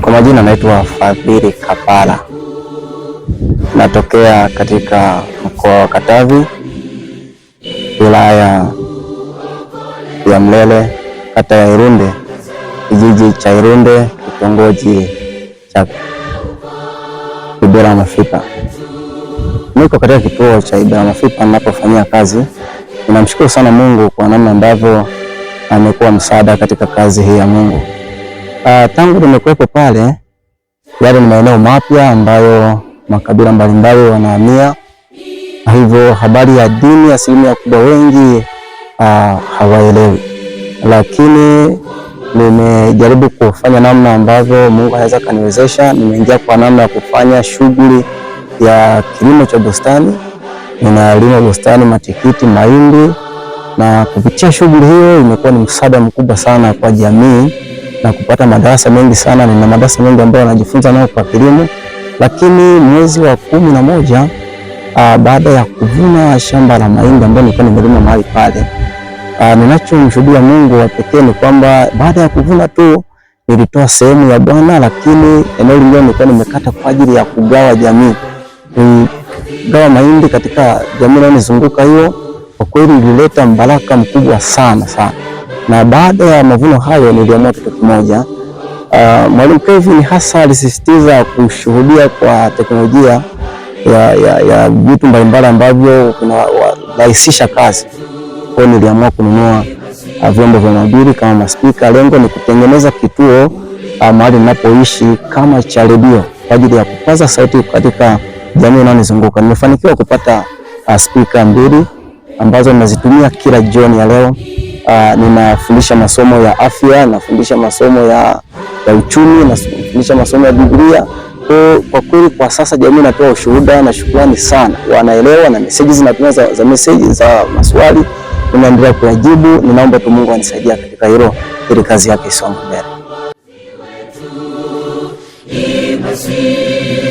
Kwa majina naitwa Fadhili Kapala, natokea katika mkoa wa Katavi, wilaya ya Mlele, kata ya Irunde, kijiji cha Irunde, kitongoji cha Ibera Mafipa. Niko katika kituo cha Ibera Mafipa ninapofanyia kazi. Ninamshukuru sana Mungu kwa namna ambavyo amekuwa msaada katika kazi hii ya Mungu. Ah, tangu nimekuwepo pale, yale yaani ni maeneo mapya ambayo makabila mbalimbali wanahamia, hivyo habari ya dini asilimia kubwa wengi ah, hawaelewi, lakini nimejaribu kufanya namna ambavyo Mungu anaweza kaniwezesha. Nimeingia kwa namna ya kufanya shughuli ya kilimo cha bustani, ninalima bustani, matikiti, mahindi na kupitia shughuli hiyo imekuwa ni msaada mkubwa sana kwa jamii na kupata madarasa mengi sana. Nina madarasa mengi ambayo wanajifunza nao kwa kilimo. Lakini mwezi wa kumi na moja aa, ah, baada ya kuvuna shamba la mahindi ambayo nilikuwa nimelima mahali pale, ah, ninachomshuhudia Mungu wa pekee ni kwamba baada ya kuvuna tu nilitoa sehemu ya Bwana, lakini eneo lingine nilikuwa nimekata kwa ajili ya kugawa jamii, kugawa mahindi katika jamii inayonizunguka hiyo kwa kweli ilileta mbaraka mkubwa sana sana. Na baada ya mavuno hayo niliamua kitu kimoja. Uh, Mwalimu Kevin hasa alisisitiza kushuhudia kwa teknolojia ya ya ya vitu mbalimbali ambavyo kunarahisisha kazi. Kwa hiyo niliamua kununua uh, vyombo vya mahubiri kama maspika. Lengo ni kutengeneza kituo uh, mahali ninapoishi kama cha redio kwa ajili ya kupaza sauti katika jamii inayonizunguka. Nimefanikiwa kupata uh, spika mbili ambazo nazitumia kila jioni ya leo. Uh, ninafundisha masomo ya afya, nafundisha masomo ya, ya uchumi, nafundisha masomo ya Biblia. Kwa kweli kwa sasa jamii inapewa ushuhuda na shukrani sana, wanaelewa na meseji zinatumia za, za meseji za maswali inaendelea kuyajibu. Ninaomba tu Mungu anisaidia katika hilo ili kazi yake isonge mbele. Ee